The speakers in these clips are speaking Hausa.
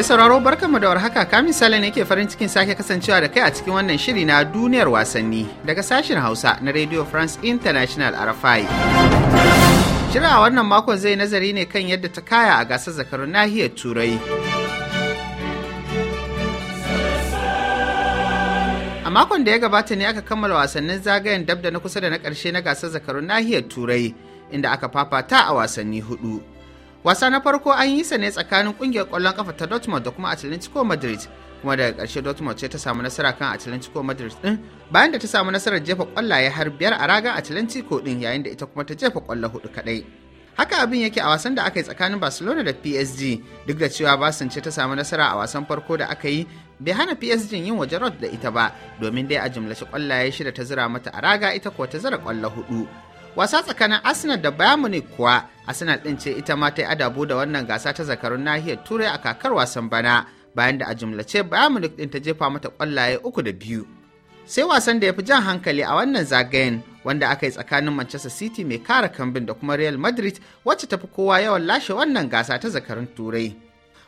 Mai sauraro barkanmu da warhaka ka misali ne ke farin cikin sake kasancewa da kai a cikin wannan shiri na duniyar wasanni daga sashen Hausa na Radio France International RFI. Shirin a wannan makon zai nazari ne kan yadda ta kaya a gasar zakarun nahiyar Turai. A makon da ya gabata ne aka kammala wasannin zagayen dab da na kusa da na ƙarshe na gasar zakarun nahiyar Turai inda aka fafata a wasanni hudu. wasa na farko an yi sa ne tsakanin kungiyar kwallon kafa ta dortmund da kuma atletico madrid kuma daga ƙarshe dortmund ce ta samu nasara kan atletico madrid din bayan da ta samu nasarar jefa kwallaye har biyar a ragar atletico din yayin da ita kuma ta jefa kwallo hudu kadai haka abin yake a wasan da aka yi tsakanin barcelona da psg duk da cewa basin ce ta samu nasara a wasan farko da aka yi bai hana psg yin waje rod da ita ba domin dai a jumlace kwallaye shida ta zira mata a raga ita kuwa ta zira kwallo hudu wasa tsakanin arsenal da bayern munich kuwa arsenal ɗin ce ita ma ta yi adabu da wannan gasa ta zakarun nahiyar turai a kakar wasan bana bayan da a jumlace bayern munich ɗin ta jefa mata kwallaye uku da biyu sai wasan da ya fi jan hankali a wannan zagayen wanda aka yi tsakanin manchester city mai kara kambin da kuma real madrid wacce ta fi kowa yawan lashe wannan gasa ta zakarun turai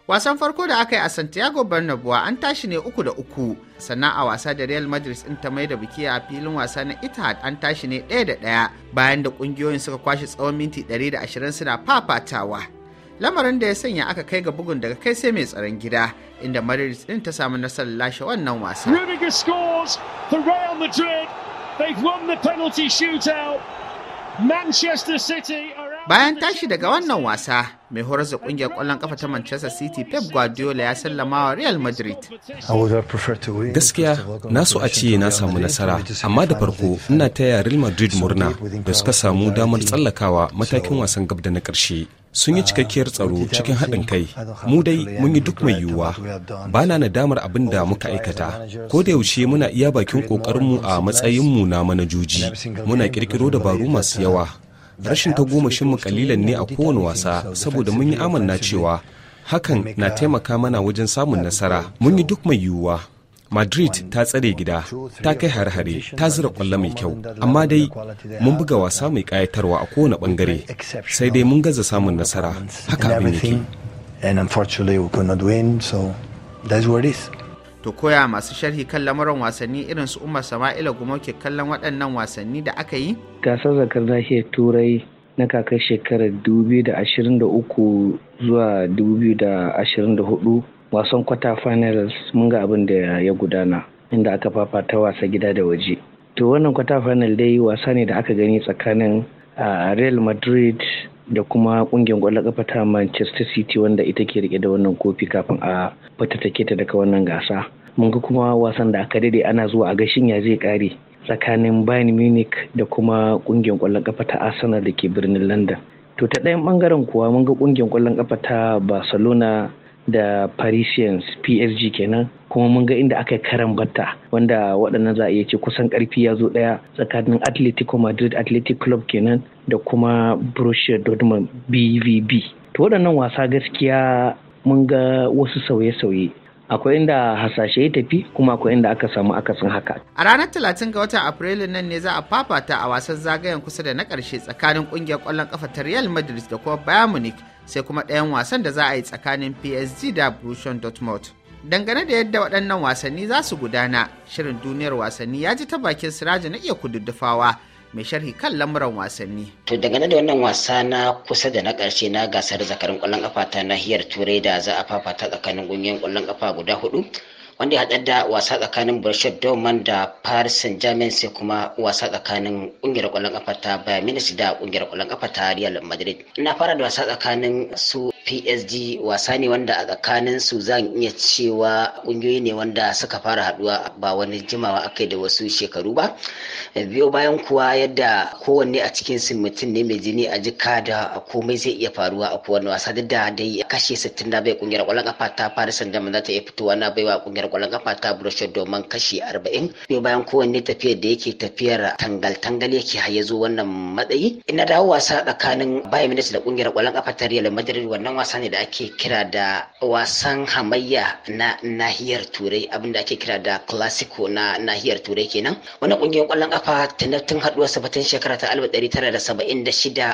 wasan farko da aka yi a santiago bernabeu an tashi ne uku da uku sannan a wasa da real madrid in ta mai da biki a filin wasa na itahad an tashi ne ɗaya da ɗaya bayan da ƙungiyoyin suka kwashe tsawon minti ɗari da ashirin suna fafatawa lamarin da ya sanya aka kai ga bugun daga kai sai mai tsaron gida inda madrid din ta samu nasarar lashe wannan wasa Manchester City bayan tashi daga wannan wasa mai horar da kungiyar kwallon kafa ta Manchester City Pep Guardiola ya sallama wa Real Madrid. Gaskiya na so a ce na samu nasara, amma da farko ina taya Real Madrid murna da suka samu damar tsallakawa matakin wasan gab da na ƙarshe. sun yi uh, cikakkiyar tsaro cikin haɗin kai mu dai mun yi duk mai yiwuwa ba na nadamar abin da muka aikata ko da yaushe muna iya bakin ƙoƙarinmu a matsayinmu na manajoji muna ƙirƙiro dabaru masu uh, yawa rashin ta gomashin mu kalilan ne a kowane wasa saboda mun yi amanna cewa hakan na taimaka mana wajen samun nasara mun yi duk mai yiwuwa madrid ta tsare gida ta kai hare-hare ta zira kwallo mai kyau amma dai mun buga wasa mai kayatarwa a kowane bangare sai dai mun gaza samun nasara haka abin yake to koya masu sharhi kan lamuran wasanni irin su umar sama'ila gumau ke kallon waɗannan wasanni da aka yi gasar zakar nahiyar turai na kakar shekarar 2023 zuwa 2024 wasan kwata finals mun ga abin da ya gudana inda aka fafata wasa gida da waje to wannan kwata final dai wasa ne da aka gani tsakanin ah, real madrid da kuma kungiyar kwallon kafa ta Manchester City wanda ita ke rike da wannan kofi kafin a take ta daga wannan gasa. Mun ga kuma wasan da aka dade ana zuwa a gashin ya zai kare tsakanin Bayern Munich da kuma kungiyar kwallon kafa ta Arsenal da ke birnin London. To ta ɗayan bangaren kuwa mun ga kungiyar kwallon kafa ta Barcelona da Parisians PSG kenan kuma mun ga inda aka yi karan bata wanda waɗannan za a iya ce kusan karfi ya zo ɗaya tsakanin atletico madrid athletic club kenan da kuma borussia dortmund bvb to waɗannan wasa gaskiya mun ga wasu sauye-sauye akwai inda hasashe ya tafi kuma akwai inda aka samu akasin haka. A ranar talatin ga watan Afrilu nan ne za a fafata a wasan zagayen kusa da na ƙarshe tsakanin ƙungiyar ƙwallon ƙafa ta Real Madrid da kuma Bayern Munich sai kuma ɗayan wasan da za a yi tsakanin PSG da Borussia Dortmund. dangane da yadda waɗannan wasanni za su gudana shirin duniyar wasanni ya ji ta bakin siraji na iya kududdufawa mai sharhi kan lamuran wasanni. To dangane da wannan wasa na kusa da na ƙarshe na gasar zakarin ƙwallon ƙafa ta nahiyar turai da za a fafata tsakanin kungiyar ƙwallon ƙafa guda hudu wanda ya haɗa da wasa tsakanin Borussia Dortmund da Paris Saint-Germain sai kuma wasa tsakanin ƙungiyar ƙwallon ƙafa ta Bayern Munich da ƙungiyar ƙwallon ƙafa ta Real Madrid. ina fara da wasa tsakanin su psg wasa ne wanda a tsakanin su zan iya cewa kungiyoyi ne wanda suka fara haduwa ba wani jimawa akai da wasu shekaru ba biyo bayan kuwa yadda kowanne a cikin su mutum ne mai jini a jika da komai zai iya faruwa a kowane wasa duk da dai kashe 60 na bai kungiyar kwallon kafa ta Paris Saint-Germain za ta iya fitowa na baiwa kungiyar kwallon kafa ta Borussia domin kashi 40 biyo bayan kowanne tafiyar da yake tafiyar tangal-tangal yake har yazo wannan matsayi ina dawo wasa tsakanin Bayern Munich da kungiyar kwallon kafa ta Real Madrid wannan wannan wasa ne da ake kira da wasan hamayya na nahiyar turai abinda ake kira da classico na nahiyar turai kenan wannan kungiyar kwallon kafa tun haduwar sabatin shekara ta 1976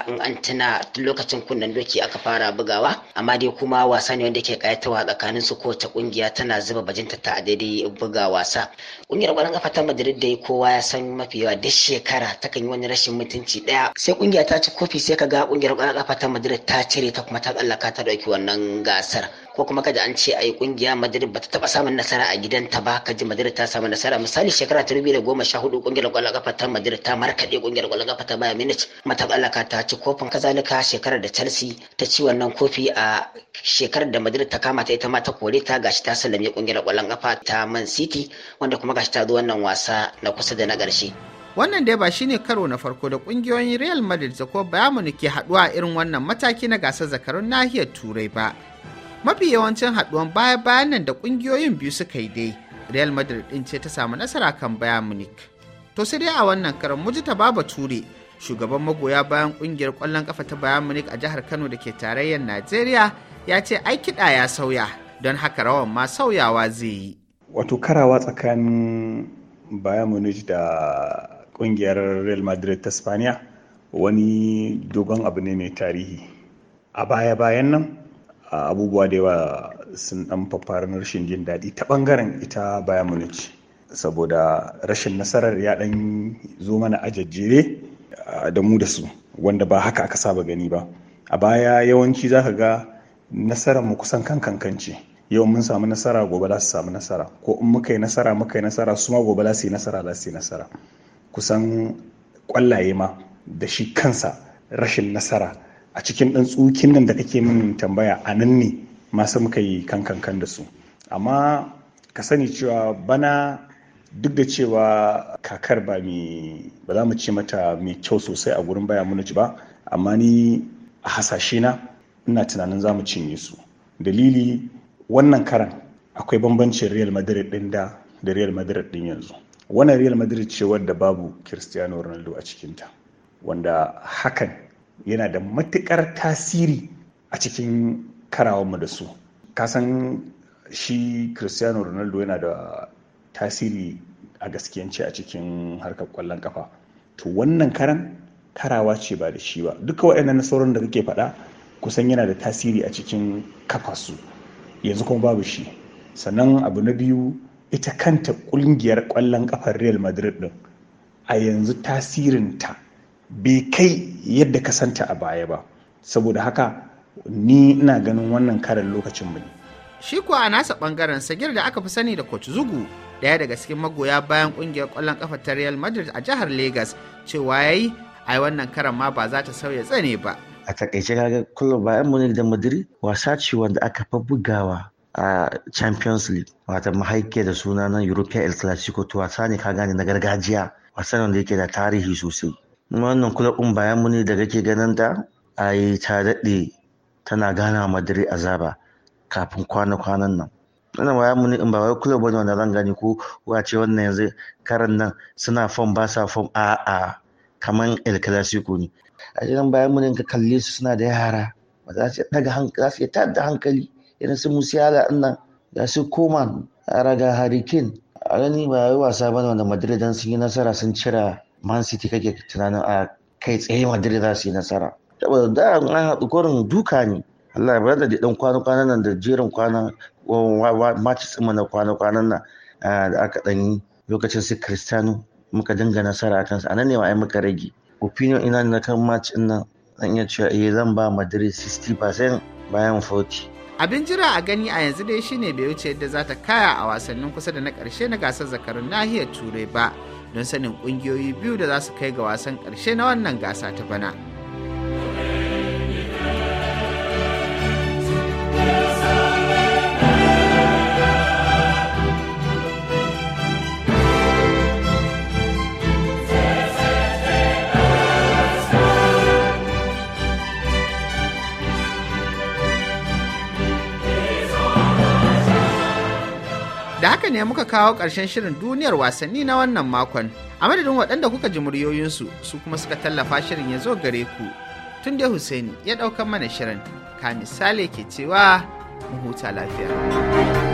in an tuna lokacin kunnan doki aka fara bugawa amma dai kuma wasa ne wanda ke kayatawa tsakanin su kowace kungiya tana zuba bajinta ta a daidai buga wasa kungiyar kwallon kafa ta madrid dai kowa ya san mafi yawa duk shekara takan yi wani rashin mutunci daya sai kungiya ta ci kofi sai ka ga kungiyar kwallon kafa ta madrid ta cire ta kuma ta tsallaka Ka ta dauki wannan gasar ko kuma kaji an ce ai kungiya madrid ba ta taba samun nasara a gidanta ba ka ji madrid ta samu nasara misali shekara ta biyu da goma sha hudu kungiyar ƙwallon kafa ta madrid ta markaɗe kungiyar ƙwallon kafa ta bayan munich balaka ta ci kofin kazalika shekarar da chelsea ta ci wannan kofi a shekarar da madrid ta kama ta ita ma ta kore ta gashi ta sallame kungiyar ƙwallon kafa ta man city wanda kuma gashi ta zo wannan wasa na kusa da na ƙarshe. wannan dai ba shine karo na farko da kungiyoyin real madrid da ko mu ke haduwa irin wannan mataki na gasar zakarun nahiyar turai ba mafi yawancin haduwan baya bayan nan da kungiyoyin biyu suka yi dai real madrid din ce ta samu nasara kan bayan munich to sai dai a wannan muji ta baba ture shugaban magoya bayan kungiyar kwallon kafa ta bayan munich a jihar kano da ke tarayyar najeriya ya ce ai kiɗa ya sauya don haka rawan ma sauyawa zai yi wato karawa tsakanin bayan munich da kungiyar real madrid ta spaniya wani dogon abu ne mai tarihi a baya-bayan nan abubuwa da yawa sun dan fafarin rashin jin daɗi ta ɓangaren ita bayan munich saboda rashin nasarar ya dan zo mana ajajjere da mu da su wanda ba haka aka saba gani ba a baya yawanci za ka ga nasarar mu kusan kan kankance yau mun samu nasara gobe za su samu nasara ko in muka yi nasara muka yi nasara su ma gobe za su yi nasara za su yi nasara kusan kwallaye ma da shi kansa rashin nasara a cikin ɗan tsukin nan da kake min tambaya a nan ne masu muka yi kankankan da su amma ka sani cewa bana duk da cewa kakar ba mai ba za mu ce mata mai kyau sosai a gurin baya munici ba amma ni a hasashe na ina tunanin za mu cinye su dalili wannan karan akwai bambancin real madrid din da da real madrid din yanzu wannan real madrid ce wadda babu cristiano ronaldo a cikinta wanda hakan yana da matukar tasiri a cikin karawanmu da su kasan shi cristiano ronaldo yana da tasiri a gaskiyance a cikin harkar kwallon kafa to wannan karan karawa ce ba da shi ba duka waɗannan nasarorin da kake faɗa kusan yana da tasiri a cikin kafa su yanzu kuma babu shi sannan abu na biyu ita kanta ƙungiyar ƙwallon ƙafar real madrid ɗin a yanzu tasirinta bai kai yadda ka santa a baya ba saboda haka ni ina ganin wannan karin lokacin mu ne shi kuwa a nasa bangaren sagir da aka fi sani da coach zugu daya daga cikin magoya bayan kungiyar kwallon kafa ta real madrid a jihar lagos cewa yayi ai wannan karan ma ba za ta sauya tsane ba a takaice kaga kullum bayan munin da madrid wasa ce wanda aka fi bugawa a champions league wata mahaike da suna nan european el clasico to wasa ne ka gane na gargajiya wasan da yake da tarihi sosai wannan kulabun bayan muni da kake ganin da a yi ta daɗe tana gana madrid azaba kafin kwana-kwanan nan wannan bayan muni in ba wai kulab ne wanda zan gani ko wace wannan yanzu karan nan suna fom ba sa fom a a kaman el clasico ne a cikin bayan muni ka kalle su suna da yara ba za su iya hankali irin su musiala nan da su koman raga harikin a gani ba yi wasa ba wanda madrid dan sun yi nasara sun cira man city kake tunanin a kai tsaye madrid za su yi nasara saboda da an haɗu korin duka ne Allah ya bada da ɗan kwana kwanan nan da jerin kwana match tsima na kwana kwanan nan da aka ɗan yi lokacin su Cristiano muka dinga nasara a kansa anan ne ma ai muka rage opinion ina na kan match ɗin nan zan iya cewa eh zan ba Madrid 60% bayan 40 abin jira a gani a yanzu dai shine bai wuce yadda za ta kaya a wasannin kusa da na ƙarshe na gasar zakarun nahiyar turai ba don sanin ƙungiyoyi biyu da za su kai ga wasan ƙarshe na wannan gasa ta bana. haka ne muka kawo ƙarshen shirin duniyar wasanni na wannan makon. A madadin waɗanda kuka ji muryoyinsu su kuma suka tallafa shirin ya zo gare ku. tun da husaini ya ɗaukan mana shirin, ka misali ke cewa mu huta lafiya.